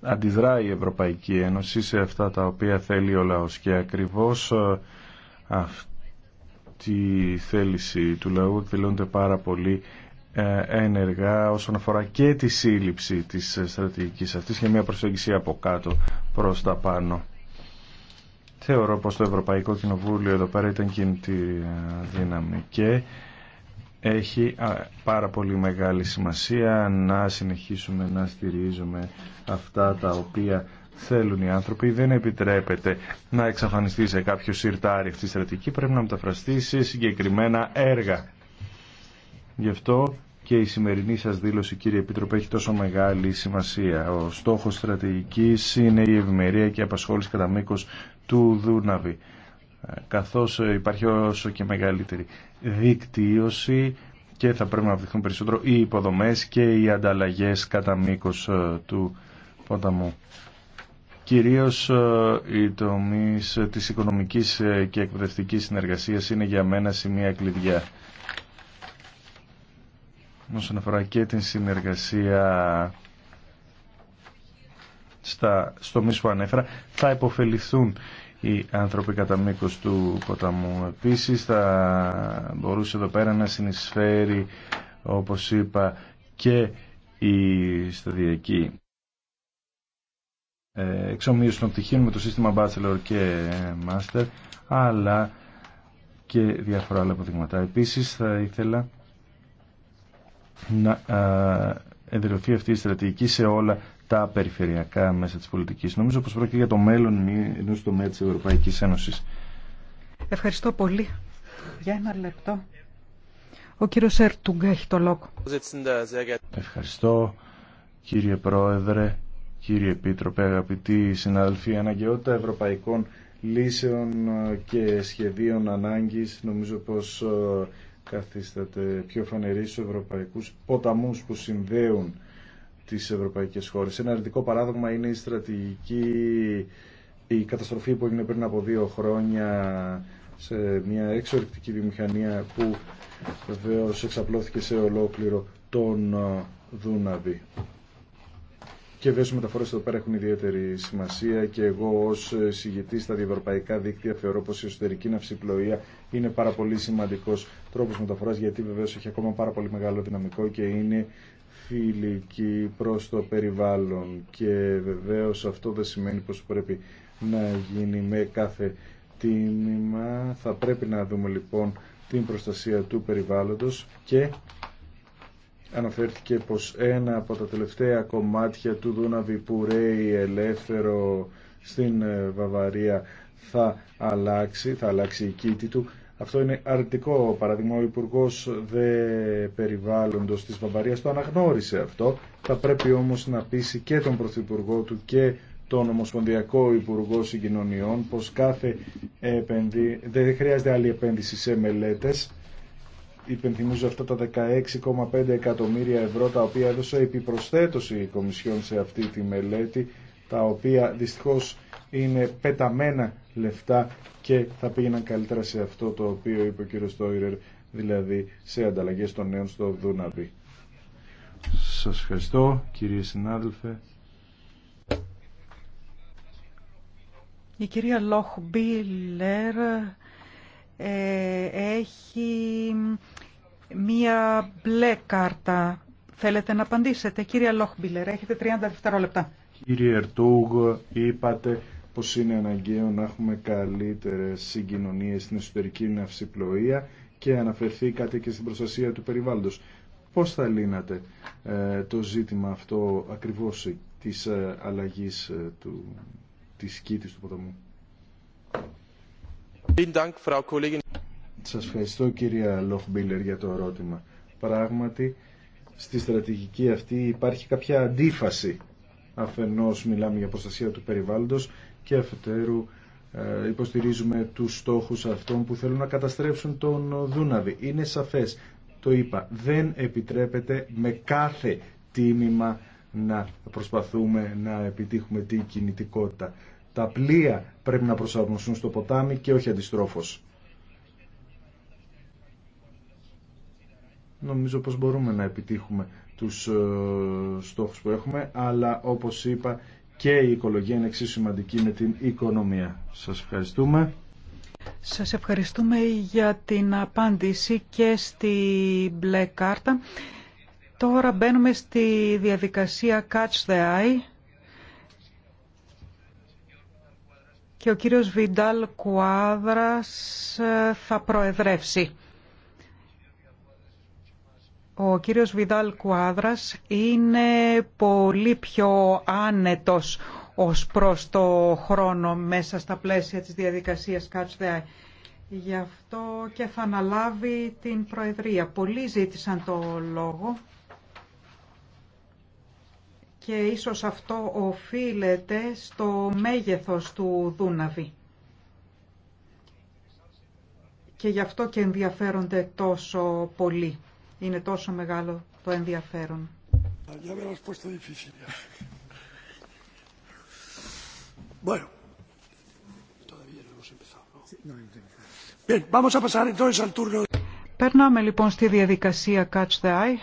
αντιδράει η Ευρωπαϊκή Ένωση σε αυτά τα οποία θέλει ο λαός και ακριβώς ε, αυτή η θέληση του λαού εκδηλώνεται πάρα πολύ ε, ένεργα όσον αφορά και τη σύλληψη της στρατηγικής αυτής και μια προσέγγιση από κάτω προς τα πάνω. Θεωρώ πως το Ευρωπαϊκό Κοινοβούλιο εδώ πέρα ήταν κινητή ε, δύναμη και έχει πάρα πολύ μεγάλη σημασία να συνεχίσουμε να στηρίζουμε αυτά τα οποία θέλουν οι άνθρωποι. Δεν επιτρέπεται να εξαφανιστεί σε κάποιο σιρτάρι αυτή η στρατηγική. Πρέπει να μεταφραστεί σε συγκεκριμένα έργα. Γι' αυτό και η σημερινή σας δήλωση κύριε Επίτροπε έχει τόσο μεγάλη σημασία. Ο στόχος στρατηγικής είναι η ευημερία και η απασχόληση κατά μήκο του Δούναβη καθώς υπάρχει όσο και μεγαλύτερη δικτύωση και θα πρέπει να βρεθούν περισσότερο οι υποδομές και οι ανταλλαγές κατά μήκο ε, του ποταμού. Κυρίως ε, οι τομείς ε, της οικονομικής και εκπαιδευτικής συνεργασίας είναι για μένα σημεία κλειδιά όσον αφορά και την συνεργασία στα, στο μίσο που ανέφερα, θα υποφεληθούν οι άνθρωποι κατά μήκο του ποταμού. Επίσης θα μπορούσε εδώ πέρα να συνεισφέρει, όπως είπα, και η σταδιακή ε, εξομοίωση των πτυχίων με το σύστημα Bachelor και Master, αλλά και διάφορα άλλα αποδειγματά. Επίσης θα ήθελα να εδραιωθεί αυτή η στρατηγική σε όλα τα περιφερειακά μέσα της πολιτικής. Νομίζω πως πρόκειται για το μέλλον ενός τομέα της Ευρωπαϊκής Ένωσης. Ευχαριστώ πολύ. Για ένα λεπτό. Ο κύριος Ερτουγκ έχει το λόγο. Ευχαριστώ κύριε Πρόεδρε, κύριε Επίτροπε, αγαπητοί συναδελφοί, αναγκαιότητα ευρωπαϊκών λύσεων και σχεδίων ανάγκης. Νομίζω πως καθίσταται πιο φανερή στους ευρωπαϊκούς ποταμούς που συνδέουν τις ευρωπαϊκές χώρες. Ένα αρνητικό παράδειγμα είναι η στρατηγική, η καταστροφή που έγινε πριν από δύο χρόνια σε μια εξορρυκτική βιομηχανία που βεβαίω εξαπλώθηκε σε ολόκληρο τον ε, Δούναβη και βέβαια οι μεταφορέ εδώ πέρα έχουν ιδιαίτερη σημασία και εγώ ω συγγετής στα διευρωπαϊκά δίκτυα θεωρώ πω η εσωτερική ναυσιπλοεία είναι πάρα πολύ σημαντικό τρόπο μεταφορά γιατί βεβαίω έχει ακόμα πάρα πολύ μεγάλο δυναμικό και είναι φιλική προ το περιβάλλον και βεβαίω αυτό δεν σημαίνει πω πρέπει να γίνει με κάθε τίμημα. Θα πρέπει να δούμε λοιπόν την προστασία του περιβάλλοντος και αναφέρθηκε πως ένα από τα τελευταία κομμάτια του Δούναβη που ρέει ελεύθερο στην ε, Βαβαρία θα αλλάξει, θα αλλάξει η κήτη του. Αυτό είναι αρνητικό παράδειγμα. Ο υπουργό Δε Περιβάλλοντος της Βαβαρίας το αναγνώρισε αυτό. Θα πρέπει όμως να πείσει και τον Πρωθυπουργό του και τον Ομοσπονδιακό Υπουργό Συγκοινωνιών πως κάθε δεν χρειάζεται άλλη επένδυση σε μελέτες υπενθυμίζω αυτά τα 16,5 εκατομμύρια ευρώ τα οποία έδωσε επιπροσθέτωση η Κομισιόν σε αυτή τη μελέτη τα οποία δυστυχώς είναι πεταμένα λεφτά και θα πήγαιναν καλύτερα σε αυτό το οποίο είπε ο κ. Στόιρερ δηλαδή σε ανταλλαγές των νέων στο Δούναβι. Σας ευχαριστώ κύριε συνάδελφε. Η κυρία Λόχ Μπίλερ ε, έχει μία μπλε κάρτα. Θέλετε να απαντήσετε, κύριε Λόχμπιλερ, έχετε 30 δευτερόλεπτα. Κύριε Ερτούγ, είπατε πως είναι αναγκαίο να έχουμε καλύτερες συγκοινωνίες στην εσωτερική ναυσιπλοεία και αναφερθήκατε και στην προστασία του περιβάλλοντος. Πώς θα λύνατε ε, το ζήτημα αυτό ακριβώς της ε, αλλαγής του, της κήτης του ποταμού. Σας ευχαριστώ κυρία Λοχμπίλερ για το ερώτημα. Πράγματι, στη στρατηγική αυτή υπάρχει κάποια αντίφαση. Αφενός μιλάμε για προστασία του περιβάλλοντος και αφετέρου ε, υποστηρίζουμε τους στόχους αυτών που θέλουν να καταστρέψουν τον Δούναβη. Είναι σαφές, το είπα, δεν επιτρέπεται με κάθε τίμημα να προσπαθούμε να επιτύχουμε την κινητικότητα. Τα πλοία πρέπει να προσαρμοστούν στο ποτάμι και όχι αντιστρόφως. Νομίζω πως μπορούμε να επιτύχουμε τους ε, στόχους που έχουμε, αλλά όπως είπα και η οικολογία είναι εξίσου σημαντική με την οικονομία. Σας ευχαριστούμε. Σας ευχαριστούμε για την απάντηση και στη μπλε κάρτα. Τώρα μπαίνουμε στη διαδικασία Catch the Eye. και ο κύριος Βιντάλ Κουάδρας ε, θα προεδρεύσει. Ο κύριος Βιντάλ Κουάδρας είναι πολύ πιο άνετος ως προς το χρόνο μέσα στα πλαίσια της διαδικασίας Catch Γι' αυτό και θα αναλάβει την Προεδρία. Πολλοί ζήτησαν το λόγο και ίσως αυτό οφείλεται στο μέγεθος του Δούναβη. Και γι' αυτό και ενδιαφέρονται τόσο πολύ. Είναι τόσο μεγάλο το ενδιαφέρον. Περνάμε λοιπόν στη διαδικασία Catch the Eye.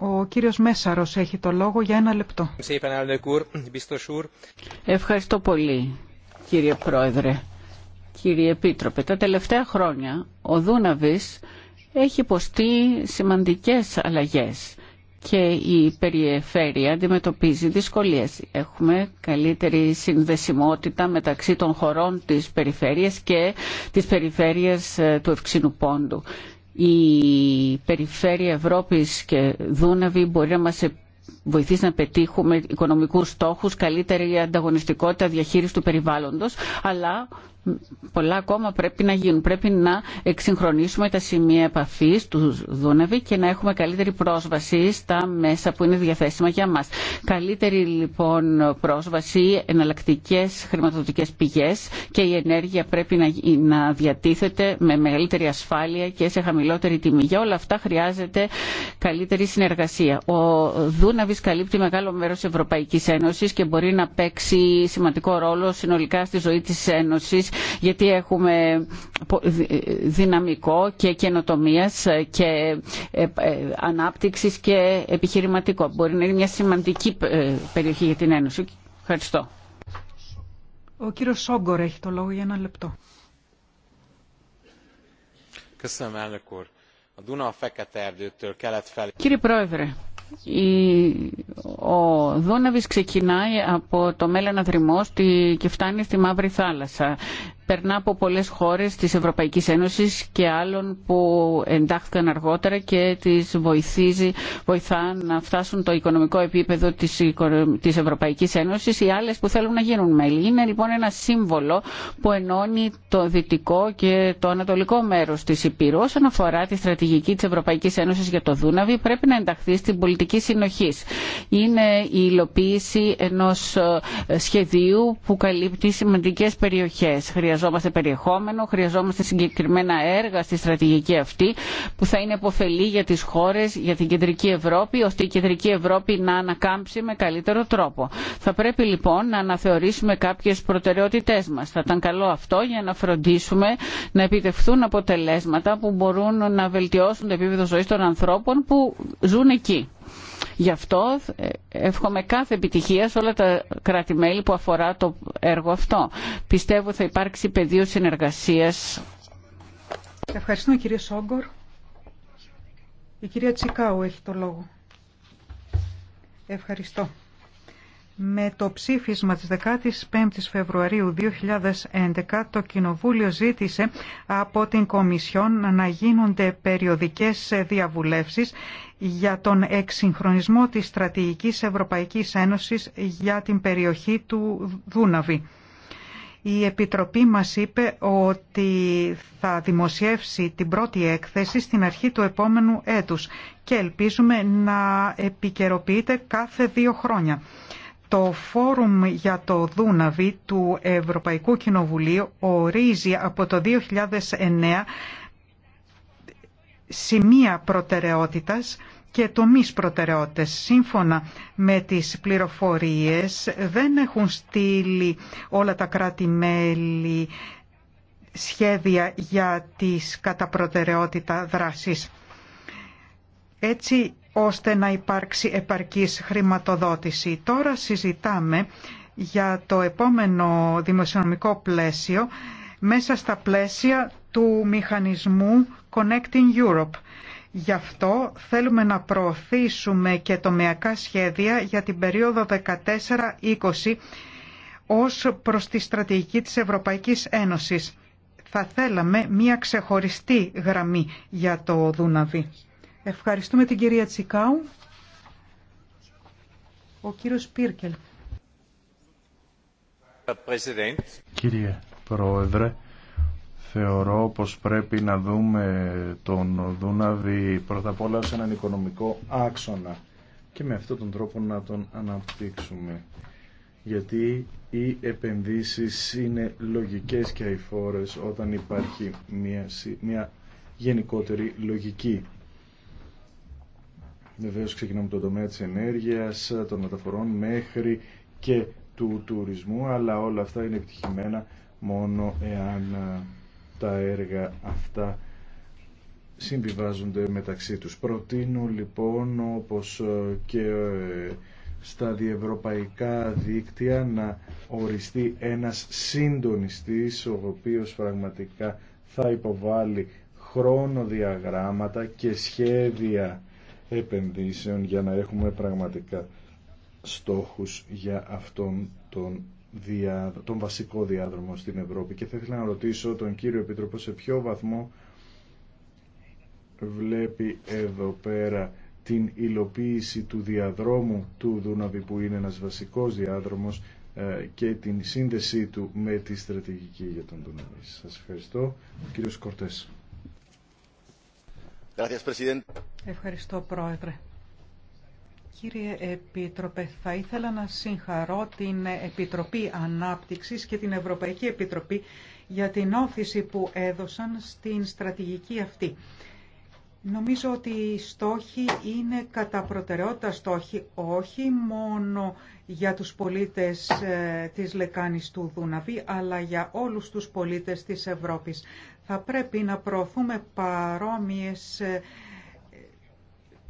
Ο κύριος Μέσαρος έχει το λόγο για ένα λεπτό. Ευχαριστώ πολύ κύριε Πρόεδρε, κύριε Επίτροπε. Τα τελευταία χρόνια ο Δούναβης έχει υποστεί σημαντικές αλλαγές και η περιφέρεια αντιμετωπίζει δυσκολίες. Έχουμε καλύτερη συνδεσιμότητα μεταξύ των χωρών της περιφέρειας και της περιφέρειας ε, του Ευξήνου Πόντου η περιφέρεια Ευρώπης και Δούναβη μπορεί να μας βοηθήσει να πετύχουμε οικονομικούς στόχους, καλύτερη ανταγωνιστικότητα, διαχείριση του περιβάλλοντος, αλλά πολλά ακόμα πρέπει να γίνουν. Πρέπει να εξυγχρονίσουμε τα σημεία επαφής του Δουνέβη και να έχουμε καλύτερη πρόσβαση στα μέσα που είναι διαθέσιμα για μας. Καλύτερη λοιπόν πρόσβαση, εναλλακτικέ χρηματοδοτικές πηγές και η ενέργεια πρέπει να διατίθεται με μεγαλύτερη ασφάλεια και σε χαμηλότερη τιμή. Για όλα αυτά χρειάζεται καλύτερη συνεργασία. Ο Δούναβης καλύπτει μεγάλο μέρο Ευρωπαϊκή Ένωση και μπορεί να παίξει σημαντικό ρόλο συνολικά στη ζωή της Ένωσης γιατί έχουμε δυναμικό και καινοτομία και ε, ε, ανάπτυξης και επιχειρηματικό. Μπορεί να είναι μια σημαντική ε, περιοχή για την Ένωση. Ευχαριστώ. Ο κύριος Σόγκορ έχει το λόγο για ένα λεπτό. Κύριε Πρόεδρε, ο Δούναβης ξεκινάει από το Αδρυμό, Δρυμός και φτάνει στη Μαύρη Θάλασσα περνά από πολλές χώρες της Ευρωπαϊκής Ένωσης και άλλων που εντάχθηκαν αργότερα και τις βοηθίζει, βοηθά να φτάσουν το οικονομικό επίπεδο της Ευρωπαϊκής Ένωσης οι άλλες που θέλουν να γίνουν μέλη. Είναι λοιπόν ένα σύμβολο που ενώνει το δυτικό και το ανατολικό μέρος της Υπήρου. Όσον αφορά τη στρατηγική της Ευρωπαϊκής Ένωσης για το Δούναβι πρέπει να ενταχθεί στην πολιτική συνοχή. Είναι η υλοποίηση ενός ε, σχεδίου που καλύπτει σημαντικές περιοχές χρειαζόμαστε περιεχόμενο, χρειαζόμαστε συγκεκριμένα έργα στη στρατηγική αυτή που θα είναι επωφελή για τις χώρες, για την κεντρική Ευρώπη, ώστε η κεντρική Ευρώπη να ανακάμψει με καλύτερο τρόπο. Θα πρέπει λοιπόν να αναθεωρήσουμε κάποιες προτεραιότητές μας. Θα ήταν καλό αυτό για να φροντίσουμε να επιτευχθούν αποτελέσματα που μπορούν να βελτιώσουν το επίπεδο ζωής των ανθρώπων που ζουν εκεί. Γι' αυτό ε, εύχομαι κάθε επιτυχία σε όλα τα κράτη-μέλη που αφορά το έργο αυτό. Πιστεύω θα υπάρξει πεδίο συνεργασίας. Ευχαριστούμε κύριε Σόγκορ. Η κυρία Τσικάου έχει το λόγο. Ευχαριστώ. Με το ψήφισμα της 15ης Φεβρουαρίου 2011 το Κοινοβούλιο ζήτησε από την Κομισιόν να γίνονται περιοδικές διαβουλεύσεις για τον εξυγχρονισμό της στρατηγικής Ευρωπαϊκής Ένωσης για την περιοχή του Δούναβη. Η Επιτροπή μας είπε ότι θα δημοσιεύσει την πρώτη έκθεση στην αρχή του επόμενου έτους και ελπίζουμε να επικαιροποιείται κάθε δύο χρόνια. Το Φόρουμ για το Δούναβι του Ευρωπαϊκού Κοινοβουλίου ορίζει από το 2009 σημεία προτεραιότητας και τομείς προτεραιότητες. Σύμφωνα με τις πληροφορίες δεν έχουν στείλει όλα τα κράτη-μέλη σχέδια για τις καταπροτεραιότητα δράσεις. Έτσι ώστε να υπάρξει επαρκής χρηματοδότηση. Τώρα συζητάμε για το επόμενο δημοσιονομικό πλαίσιο μέσα στα πλαίσια του μηχανισμού Connecting Europe. Γι' αυτό θέλουμε να προωθήσουμε και τομεακά σχέδια για την περίοδο 14-20 ως προς τη στρατηγική της Ευρωπαϊκής Ένωσης. Θα θέλαμε μία ξεχωριστή γραμμή για το Δούναβι. Ευχαριστούμε την κυρία Τσικάου. Ο κύριος Πίρκελ. Κύριε Πρόεδρε, Θεωρώ πως πρέπει να δούμε τον Δούναβη πρώτα απ' όλα σε έναν οικονομικό άξονα και με αυτόν τον τρόπο να τον αναπτύξουμε. Γιατί οι επενδύσεις είναι λογικές και αηφόρες όταν υπάρχει μια, μια γενικότερη λογική. Βεβαίως ξεκινάμε τον τομέα της ενέργειας, των μεταφορών μέχρι και του τουρισμού, αλλά όλα αυτά είναι επιτυχημένα μόνο εάν τα έργα αυτά συμβιβάζονται μεταξύ τους. Προτείνω λοιπόν όπως ε, και ε, στα διευρωπαϊκά δίκτυα να οριστεί ένας συντονιστής ο οποίος πραγματικά θα υποβάλει χρονοδιαγράμματα και σχέδια επενδύσεων για να έχουμε πραγματικά στόχους για αυτόν τον δια, τον βασικό διάδρομο στην Ευρώπη και θα ήθελα να ρωτήσω τον κύριο Επίτροπο σε ποιο βαθμό βλέπει εδώ πέρα την υλοποίηση του διαδρόμου του Δούναβη που είναι ένας βασικός διάδρομος ε, και την σύνδεσή του με τη στρατηγική για τον Δούναβη. Σας ευχαριστώ. Κύριος Κορτές. Ευχαριστώ Πρόεδρε. Κύριε Επίτροπε, θα ήθελα να συγχαρώ την Επιτροπή Ανάπτυξης και την Ευρωπαϊκή Επιτροπή για την όθηση που έδωσαν στην στρατηγική αυτή. Νομίζω ότι οι στόχοι είναι κατά προτεραιότητα στόχοι όχι μόνο για τους πολίτες ε, της Λεκάνης του Δούναβη, αλλά για όλους τους πολίτες της Ευρώπης. Θα πρέπει να προωθούμε παρόμοιες ε,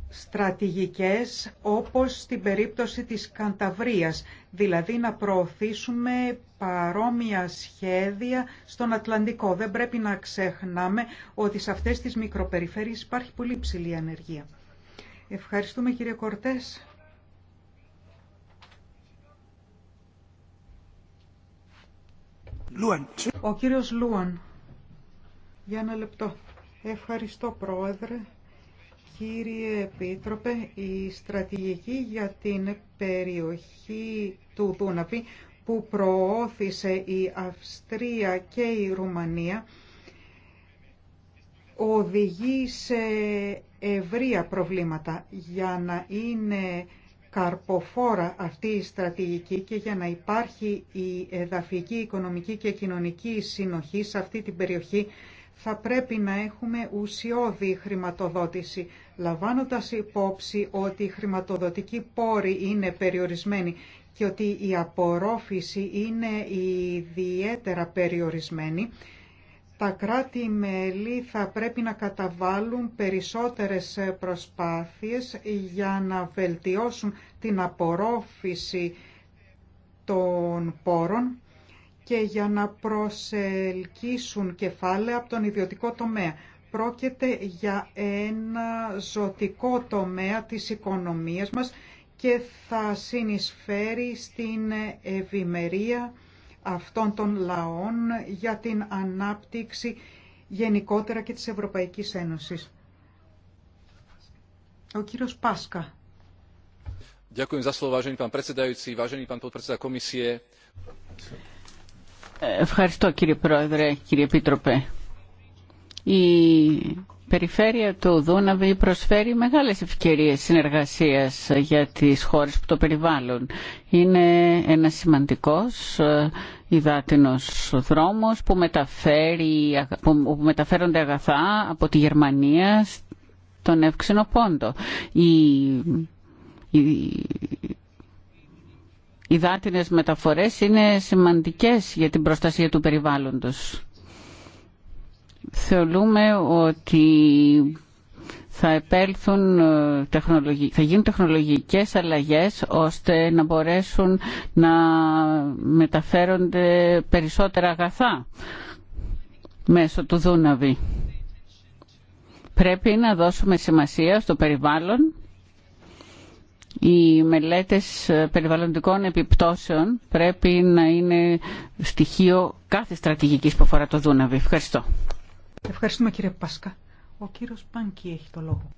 στρατηγικές όπως στην περίπτωση της Κανταβρίας, δηλαδή να προωθήσουμε παρόμοια σχέδια στον Ατλαντικό. Δεν πρέπει να ξεχνάμε ότι σε αυτές τις μικροπεριφέρειες υπάρχει πολύ ψηλή ανεργία. Ευχαριστούμε κύριε Κορτές. Λουαν. Ο κύριος Λούαν. Για ένα λεπτό. Ευχαριστώ πρόεδρε. Κύριε Επίτροπε, η στρατηγική για την περιοχή του Δούναβη που προώθησε η Αυστρία και η Ρουμανία οδηγεί σε ευρεία προβλήματα για να είναι καρποφόρα αυτή η στρατηγική και για να υπάρχει η εδαφική, οικονομική και κοινωνική συνοχή σε αυτή την περιοχή θα πρέπει να έχουμε ουσιώδη χρηματοδότηση Λαμβάνοντας υπόψη ότι οι χρηματοδοτικοί πόροι είναι περιορισμένοι και ότι η απορρόφηση είναι ιδιαίτερα περιορισμένη, τα κράτη-μέλη θα πρέπει να καταβάλουν περισσότερες προσπάθειες για να βελτιώσουν την απορρόφηση των πόρων και για να προσελκύσουν κεφάλαια από τον ιδιωτικό τομέα. Πρόκειται για ένα ζωτικό τομέα της οικονομίας μας και θα συνεισφέρει στην ευημερία αυτών των λαών για την ανάπτυξη γενικότερα και της Ευρωπαϊκής Ένωσης. Ο κύριος Πάσκα. Ευχαριστώ κύριε Πρόεδρε, κύριε Επίτροπε. Η περιφέρεια του Δούναβη προσφέρει μεγάλες ευκαιρίες συνεργασίας για τις χώρες που το περιβάλλουν. Είναι ένα σημαντικός ε, υδάτινος δρόμος που, μεταφέρει, που μεταφέρονται αγαθά από τη Γερμανία στον Εύξηνο Πόντο. Η, οι δάτινες μεταφορές είναι σημαντικές για την προστασία του περιβάλλοντος θεωρούμε ότι θα επέλθουν, ε, θα γίνουν τεχνολογικές αλλαγές ώστε να μπορέσουν να μεταφέρονται περισσότερα αγαθά μέσω του Δούναβη. Πρέπει να δώσουμε σημασία στο περιβάλλον. Οι μελέτες ε, περιβαλλοντικών επιπτώσεων πρέπει να είναι στοιχείο κάθε στρατηγικής που αφορά το Δούναβη. Ευχαριστώ. Ευχαριστούμε κύριε Πάσκα. Ο κύριος Πάνκι έχει το λόγο.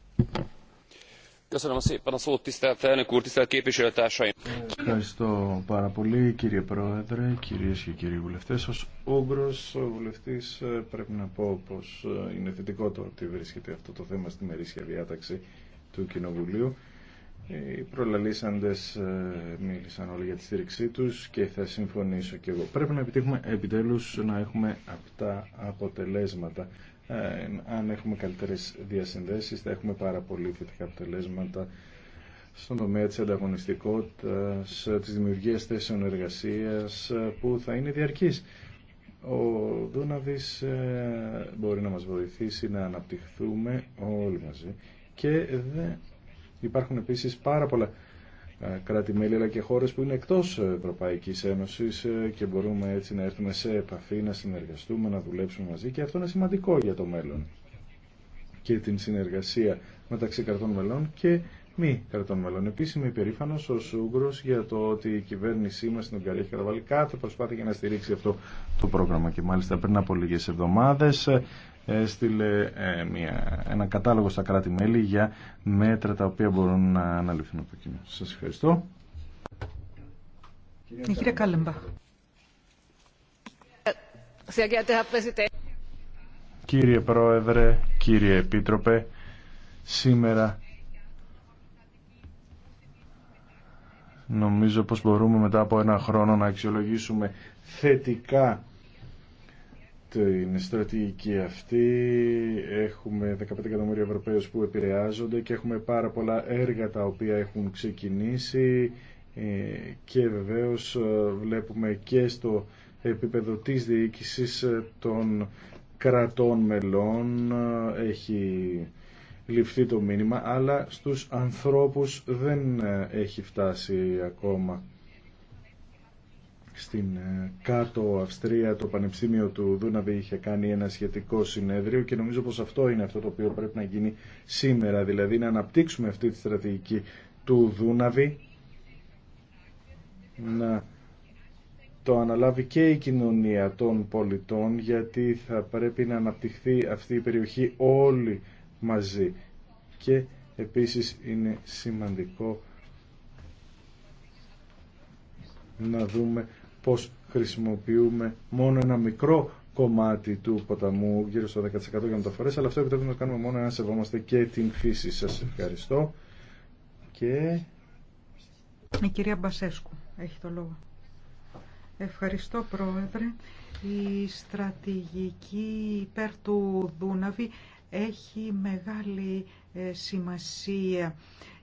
Ευχαριστώ πάρα πολύ κύριε Πρόεδρε, κυρίες και κύριοι βουλευτές. Ως ούγγρος βουλευτής ε, πρέπει να πω πως ε, είναι θετικό το ότι βρίσκεται αυτό το θέμα στη μερίσια διάταξη του Κοινοβουλίου οι προλαλήσαντες ε, μίλησαν όλοι για τη στήριξή του και θα συμφωνήσω και εγώ. Πρέπει να επιτύχουμε επιτέλους να έχουμε αυτά αποτελέσματα. Ε, αν έχουμε καλύτερες διασυνδέσεις θα έχουμε πάρα πολύ θετικά αποτελέσματα στον τομέα της ανταγωνιστικότητα της δημιουργίας θέσεων εργασία ε, που θα είναι διαρκής. Ο Δούναβης μπορεί να μα βοηθήσει να αναπτυχθούμε όλοι μαζί και δεν υπαρχουν επίση επίσης πάρα πολλά ε, κράτη-μέλη αλλά και χώρε που είναι εκτό Ευρωπαϊκή Ένωση ε, και μπορούμε έτσι να έρθουμε σε επαφή, να συνεργαστούμε, να δουλέψουμε μαζί και αυτό είναι σημαντικό για το μέλλον και την συνεργασία μεταξύ κρατών μελών και μη κρατών μελών. Επίση, είμαι υπερήφανο ω Ούγγρο για το ότι η κυβέρνησή μα στην Ουγγαρία έχει καταβάλει κάθε προσπάθεια για να στηρίξει αυτό το πρόγραμμα. Και μάλιστα πριν από λίγε εβδομάδε έστειλε ε, μια, ένα κατάλογο στα κράτη-μέλη για μέτρα τα οποία μπορούν να αναλυθούν από εκείνο. Σας ευχαριστώ. Ε, Κάλεμπα. Κύριε Πρόεδρε, κύριε Επίτροπε, σήμερα νομίζω πως μπορούμε μετά από ένα χρόνο να αξιολογήσουμε θετικά την στρατηγική αυτή έχουμε 15 εκατομμύρια Ευρωπαίους που επηρεάζονται και έχουμε πάρα πολλά έργα τα οποία έχουν ξεκινήσει ε, και βεβαίως ε, βλέπουμε και στο επίπεδο της διοίκησης ε, των κρατών μελών έχει ληφθεί το μήνυμα αλλά στους ανθρώπους δεν έχει φτάσει ακόμα στην ε, κάτω Αυστρία το Πανεπιστήμιο του Δούναβη είχε κάνει ένα σχετικό συνέδριο και νομίζω πως αυτό είναι αυτό το οποίο πρέπει να γίνει σήμερα, δηλαδή να αναπτύξουμε αυτή τη στρατηγική του Δούναβη, να το αναλάβει και η κοινωνία των πολιτών γιατί θα πρέπει να αναπτυχθεί αυτή η περιοχή όλοι μαζί και επίσης είναι σημαντικό να δούμε πως χρησιμοποιούμε μόνο ένα μικρό κομμάτι του ποταμού, γύρω στο 10% για μεταφορέ. αλλά αυτό επιτρέπει να το κάνουμε μόνο αν σεβόμαστε και την φύση. Σας ευχαριστώ. Και... Η κυρία Μπασέσκου έχει το λόγο. Ευχαριστώ Πρόεδρε. Η στρατηγική υπέρ του Δούναβη έχει μεγάλη ε, σημασία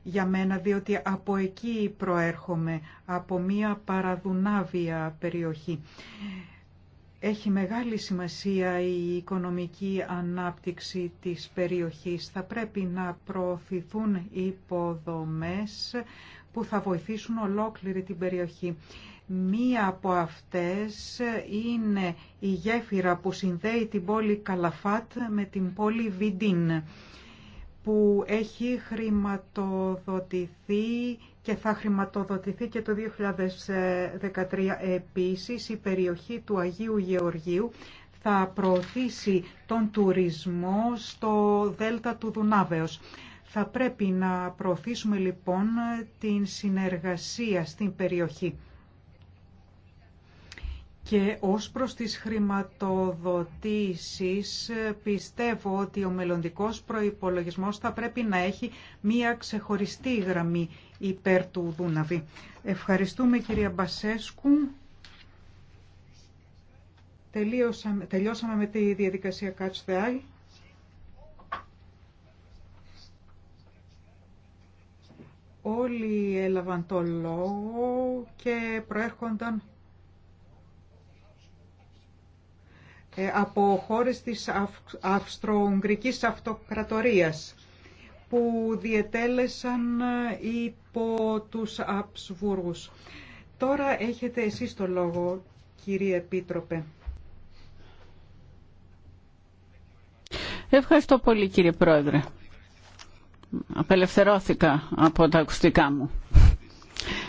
για μένα διότι από εκεί προέρχομαι, από μία παραδουνάβια περιοχή. Έχει μεγάλη σημασία η οικονομική ανάπτυξη της περιοχής. Θα πρέπει να προωθηθούν υποδομές που θα βοηθήσουν ολόκληρη την περιοχή. Μία από αυτές είναι η γέφυρα που συνδέει την πόλη Καλαφάτ με την πόλη Βιντίν που έχει χρηματοδοτηθεί και θα χρηματοδοτηθεί και το 2013 επίσης η περιοχή του Αγίου Γεωργίου θα προωθήσει τον τουρισμό στο Δέλτα του Δουνάβεως. Θα πρέπει να προωθήσουμε λοιπόν την συνεργασία στην περιοχή. Και ως προς τις χρηματοδοτήσεις πιστεύω ότι ο μελλοντικός προϋπολογισμός θα πρέπει να έχει μία ξεχωριστή γραμμή υπέρ του Δούναβη. Ευχαριστούμε κυρία Μπασέσκου. Τελείωσαμε, τελειώσαμε με τη διαδικασία Catch the Όλοι έλαβαν το λόγο και προέρχονταν Ε, από χώρες της Αυστρο-Ουγγρικής Αυτοκρατορίας που διετέλεσαν ε, υπό τους Αψβούργους. Τώρα έχετε εσείς το λόγο, κύριε Επίτροπε. Ευχαριστώ πολύ, κύριε Πρόεδρε. Απελευθερώθηκα από τα ακουστικά μου.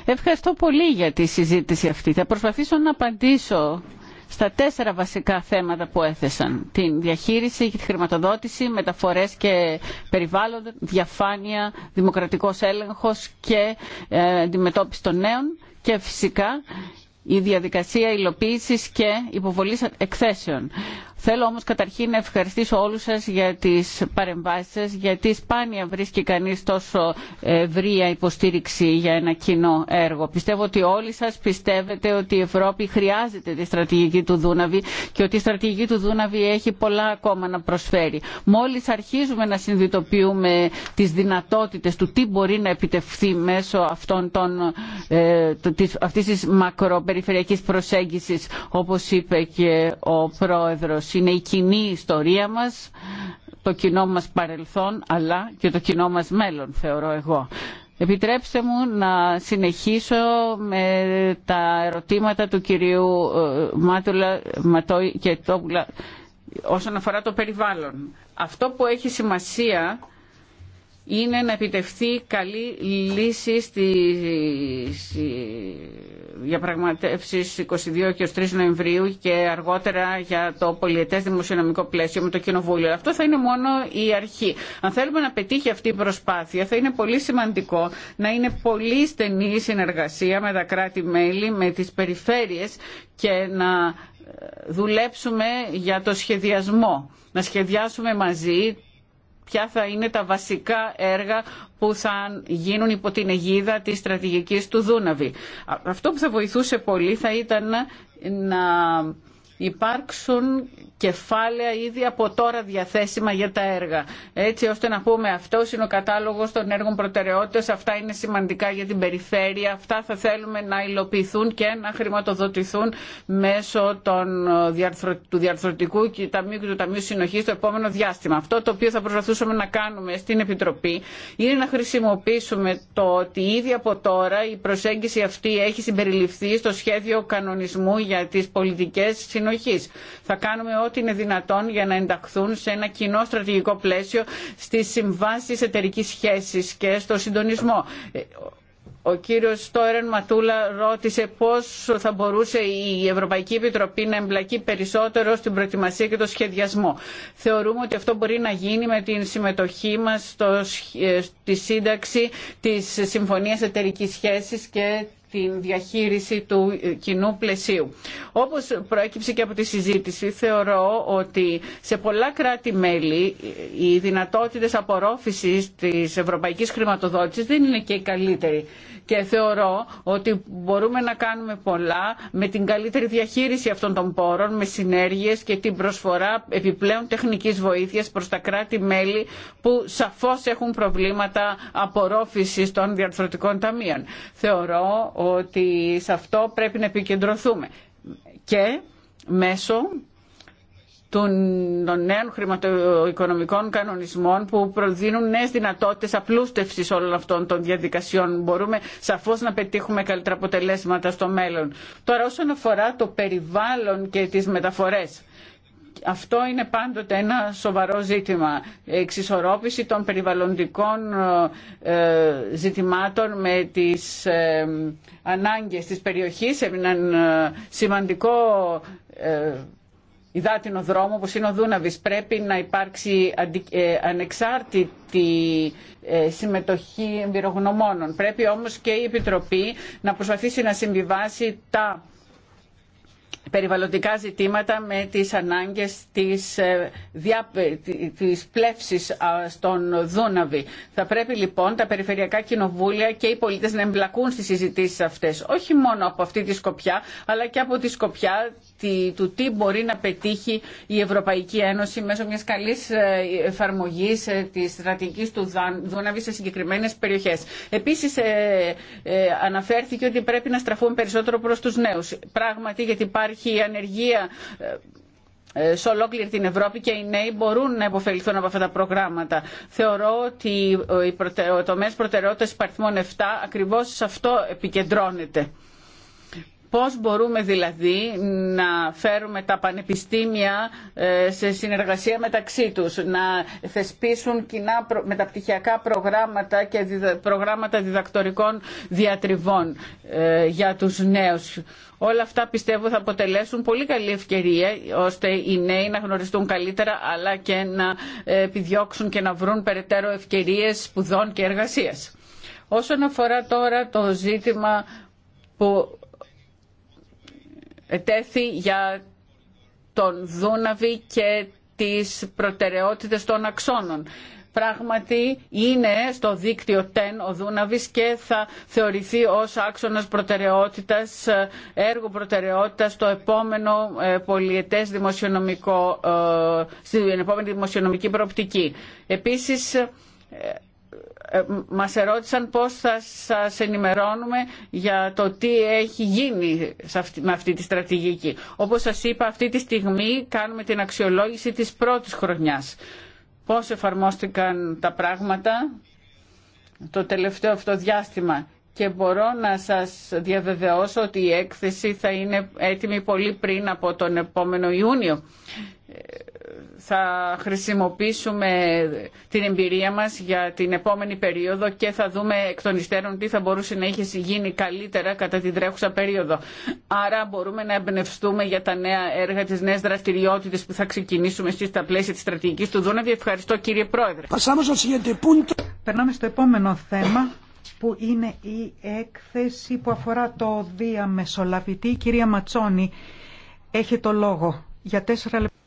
Ευχαριστώ πολύ για τη συζήτηση αυτή. Θα προσπαθήσω να απαντήσω στα τέσσερα βασικά θέματα που έθεσαν. Την διαχείριση και τη χρηματοδότηση, μεταφορές και περιβάλλον, διαφάνεια, δημοκρατικός έλεγχος και ε, αντιμετώπιση των νέων και φυσικά η διαδικασία υλοποίηση και υποβολή εκθέσεων. Θέλω όμως καταρχήν να ευχαριστήσω όλους σας για τις παρεμβάσεις σας, γιατί σπάνια βρίσκει κανείς τόσο ε, ευρία υποστήριξη για ένα κοινό έργο. Πιστεύω ότι όλοι σας πιστεύετε ότι η Ευρώπη χρειάζεται τη στρατηγική του Δούναβη και ότι η στρατηγική του Δούναβη έχει πολλά ακόμα να προσφέρει. Μόλις αρχίζουμε να συνειδητοποιούμε τις δυνατότητες του τι μπορεί να επιτευχθεί μέσω αυτών των, ε, της, αυτής της περιφερειακής προσέγγισης όπως είπε και ο πρόεδρος. Είναι η κοινή ιστορία μας, το κοινό μας παρελθόν αλλά και το κοινό μας μέλλον θεωρώ εγώ. Επιτρέψτε μου να συνεχίσω με τα ερωτήματα του κυρίου ε, Μάτουλα Ματώη και Τόπουλα όσον αφορά το περιβάλλον. Αυτό που έχει σημασία είναι να επιτευχθεί καλή λύση στις διαπραγματεύσεις 22 και 3 Νοεμβρίου και αργότερα για το πολιετές δημοσιονομικό πλαίσιο με το Κοινοβούλιο. Αυτό θα είναι μόνο η αρχή. Αν θέλουμε να πετύχει αυτή η προσπάθεια θα είναι πολύ σημαντικό να είναι πολύ στενή η συνεργασία με τα κράτη-μέλη, με τις περιφέρειες και να δουλέψουμε για το σχεδιασμό. Να σχεδιάσουμε μαζί ποια θα είναι τα βασικά έργα που θα γίνουν υπό την αιγίδα της στρατηγικής του Δούναβη. Αυτό που θα βοηθούσε πολύ θα ήταν να υπάρξουν κεφάλαια ήδη από τώρα διαθέσιμα για τα έργα. Έτσι ώστε να πούμε αυτό είναι ο κατάλογο των έργων προτεραιότητα. αυτά είναι σημαντικά για την περιφέρεια, αυτά θα θέλουμε να υλοποιηθούν και να χρηματοδοτηθούν μέσω των, ε, του Διαρθρωτικού και Ταμείου και του Ταμείου συνοχή στο επόμενο διάστημα. Αυτό το οποίο θα προσπαθούσαμε να κάνουμε στην Επιτροπή είναι να χρησιμοποιήσουμε το ότι ήδη από τώρα η προσέγγιση αυτή έχει συμπεριληφθεί στο σχέδιο κανονισμού για τι πολιτικέ συνοχή. Θα κάνουμε ό,τι είναι δυνατόν για να ενταχθούν σε ένα κοινό στρατηγικό πλαίσιο στις συμβάσεις εταιρικής σχέσης και στο συντονισμό. Ο κύριος Στόρεν Ματούλα ρώτησε πώς θα μπορούσε η Ευρωπαϊκή Επιτροπή να εμπλακεί περισσότερο στην προετοιμασία και το σχεδιασμό. Θεωρούμε ότι αυτό μπορεί να γίνει με την συμμετοχή μας στη σύνταξη της Συμφωνίας Εταιρικής Σχέσης και την διαχείριση του κοινού πλαισίου. Όπως προέκυψε και από τη συζήτηση, θεωρώ ότι σε πολλά κράτη-μέλη οι δυνατότητες απορρόφησης της ευρωπαϊκής χρηματοδότησης δεν είναι και οι καλύτεροι και θεωρώ ότι μπορούμε να κάνουμε πολλά με την καλύτερη διαχείριση αυτών των πόρων, με συνέργειες και την προσφορά επιπλέον τεχνικής βοήθειας προς τα κράτη-μέλη που σαφώς έχουν προβλήματα απορρόφησης των διαρθρωτικών ταμείων. Θεωρώ ότι σε αυτό πρέπει να επικεντρωθούμε και μέσω των νέων χρηματοοικονομικών κανονισμών που προδίνουν νέε δυνατότητες απλούστευση όλων αυτών των διαδικασιών. Μπορούμε σαφώς να πετύχουμε καλύτερα αποτελέσματα στο μέλλον. Τώρα όσον αφορά το περιβάλλον και τις μεταφορές. Αυτό είναι πάντοτε ένα σοβαρό ζήτημα. Εξισορρόπηση των περιβαλλοντικών ε, ζητημάτων με τις ε, ανάγκες της περιοχής. Ένα ε, σημαντικό υδάτινο δρόμο όπως είναι ο Δούναβης. Πρέπει να υπάρξει ε, ανεξάρτητη ε, συμμετοχή εμπειρογνωμόνων. Πρέπει όμως και η Επιτροπή να προσπαθήσει να συμβιβάσει τα περιβαλλοντικά ζητήματα με τις ανάγκες της, ε, δια, ε, της πλεύσης στον Δούναβη. Θα πρέπει λοιπόν τα περιφερειακά κοινοβούλια και οι πολίτες να εμπλακούν στις συζητήσεις αυτές. Όχι μόνο από αυτή τη σκοπιά, αλλά και από τη σκοπιά του τι μπορεί να πετύχει η Ευρωπαϊκή Ένωση μέσω μιας καλής ε, εφαρμογής της στρατηγικής του Δούναβη σε συγκεκριμένες περιοχές. Επίσης αναφέρθηκε ότι πρέπει να στραφούν περισσότερο προς τους νέους. Πράγματι γιατί υπάρχει υπάρχει ανεργία ε, ε, σε ολόκληρη την Ευρώπη και οι νέοι μπορούν να υποφεληθούν από αυτά τα προγράμματα. Θεωρώ ότι οι τομέα προτεραιότητας υπαριθμών 7 ακριβώς σε αυτό επικεντρώνεται. Πώς μπορούμε δηλαδή να φέρουμε τα πανεπιστήμια ε, σε συνεργασία μεταξύ τους, να θεσπίσουν κοινά μεταπτυχιακά προγράμματα και προγράμματα διδακτορικών διατριβών ε, για τους νέους. Όλα αυτά πιστεύω θα αποτελέσουν πολύ καλή ευκαιρία ώστε οι νέοι να γνωριστούν καλύτερα αλλά και να ε, επιδιώξουν και να βρουν περαιτέρω ευκαιρίες σπουδών και εργασίας. Όσον αφορά τώρα το ζήτημα που ετέθη για τον Δούναβη και τις προτεραιότητες των αξώνων. Πράγματι είναι στο δίκτυο τέν ο Δούναβης και θα θεωρηθεί ως άξονας προτεραιότητας, έργο προτεραιότητας στο επόμενο ε, πολιετές δημοσιονομικό, ε, στην επόμενη δημοσιονομική προοπτική. Επίσης ε, ε, μας ερώτησαν πώς θα σας ενημερώνουμε για το τι έχει γίνει με αυτή τη στρατηγική. Όπως σας είπα, αυτή τη στιγμή κάνουμε την αξιολόγηση της πρώτης χρονιάς. Πώς εφαρμόστηκαν τα πράγματα το τελευταίο αυτό διάστημα και μπορώ να σας διαβεβαιώσω ότι η έκθεση θα είναι έτοιμη πολύ πριν από τον επόμενο Ιούνιο. Ε, θα χρησιμοποιήσουμε την εμπειρία μας για την επόμενη περίοδο και θα δούμε εκ των υστέρων τι θα μπορούσε να είχε γίνει καλύτερα κατά την τρέχουσα περίοδο. Άρα μπορούμε να εμπνευστούμε για τα νέα έργα, τις νέες δραστηριότητες που θα ξεκινήσουμε στις τα πλαίσια της στρατηγικής του Δούναβη. Ευχαριστώ κύριε Πρόεδρε. Περνάμε στο επόμενο θέμα που είναι η έκθεση που αφορά το διαμεσολαβητή. Κυρία Ματσόνη, έχει το λόγο για τέσσερα